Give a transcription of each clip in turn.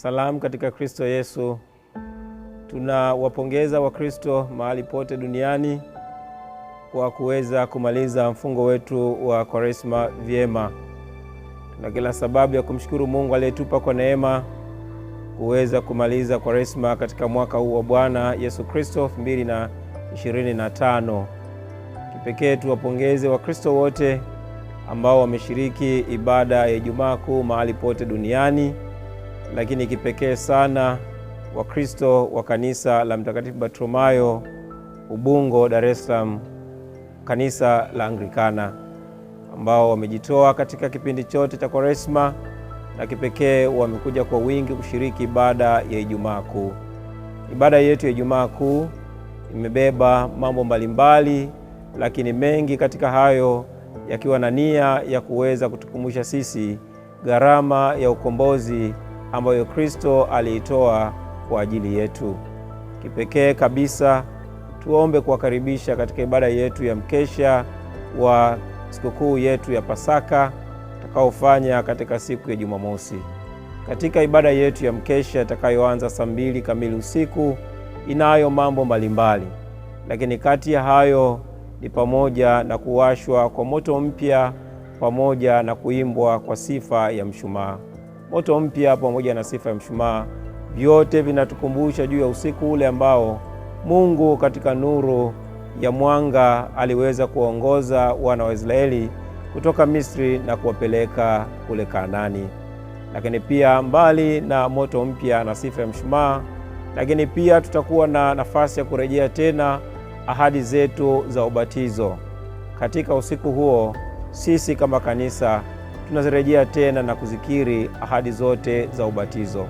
Salamu katika Kristo Yesu. Tunawapongeza Wakristo mahali pote duniani kwa kuweza kumaliza mfungo wetu wa Kwaresma vyema. Tuna kila sababu ya kumshukuru Mungu aliyetupa kwa neema kuweza kumaliza Kwaresma katika mwaka huu wa Bwana Yesu Kristo 2025. Kipekee tuwapongeze Wakristo wote ambao wameshiriki ibada ya Ijumaa Kuu mahali pote duniani lakini kipekee sana Wakristo wa kanisa la Mtakatifu Bartolomayo Ubungo, Dar es Salaam, kanisa la Anglikana ambao wamejitoa katika kipindi chote cha Kwaresma na kipekee wamekuja kwa wingi kushiriki ibada ya Ijumaa Kuu. Ibada yetu ya Ijumaa Kuu imebeba mambo mbalimbali, lakini mengi katika hayo yakiwa na nia ya kuweza kutukumbusha sisi gharama ya ukombozi ambayo Kristo aliitoa kwa ajili yetu. Kipekee kabisa tuombe kuwakaribisha katika ibada yetu ya mkesha wa sikukuu yetu ya Pasaka utakaofanya katika siku ya Jumamosi. Katika ibada yetu ya mkesha itakayoanza saa mbili kamili usiku inayo mambo mbalimbali, lakini kati ya hayo ni pamoja na kuwashwa kwa moto mpya pamoja na kuimbwa kwa sifa ya mshumaa moto mpya pamoja na sifa ya mshumaa, vyote vinatukumbusha juu ya usiku ule ambao Mungu katika nuru ya mwanga aliweza kuwaongoza wana wa Israeli kutoka Misri na kuwapeleka kule Kanaani. Lakini pia mbali na moto mpya na sifa ya mshumaa, lakini pia tutakuwa na nafasi ya kurejea tena ahadi zetu za ubatizo. Katika usiku huo, sisi kama kanisa tunazirejea tena na kuzikiri ahadi zote za ubatizo.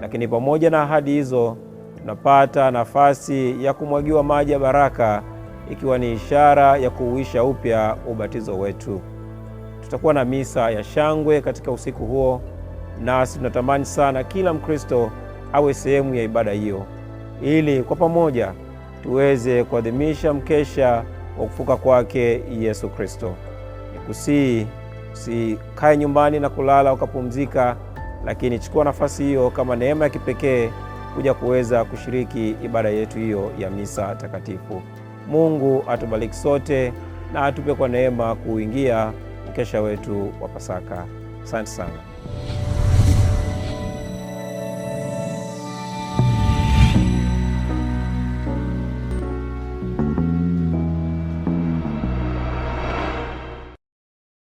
Lakini pamoja na ahadi hizo, tunapata nafasi ya kumwagiwa maji ya baraka, ikiwa ni ishara ya kuuisha upya ubatizo wetu. Tutakuwa na misa ya shangwe katika usiku huo, nasi tunatamani sana kila Mkristo awe sehemu ya ibada hiyo, ili kwa pamoja tuweze kuadhimisha mkesha wa kufuka kwake Yesu Kristo. Nikusihi Usikae nyumbani na kulala ukapumzika, lakini chukua nafasi hiyo kama neema ya kipekee kuja kuweza kushiriki ibada yetu hiyo ya misa takatifu. Mungu atubariki sote na atupe kwa neema kuingia mkesha wetu wa Pasaka. Asante sana.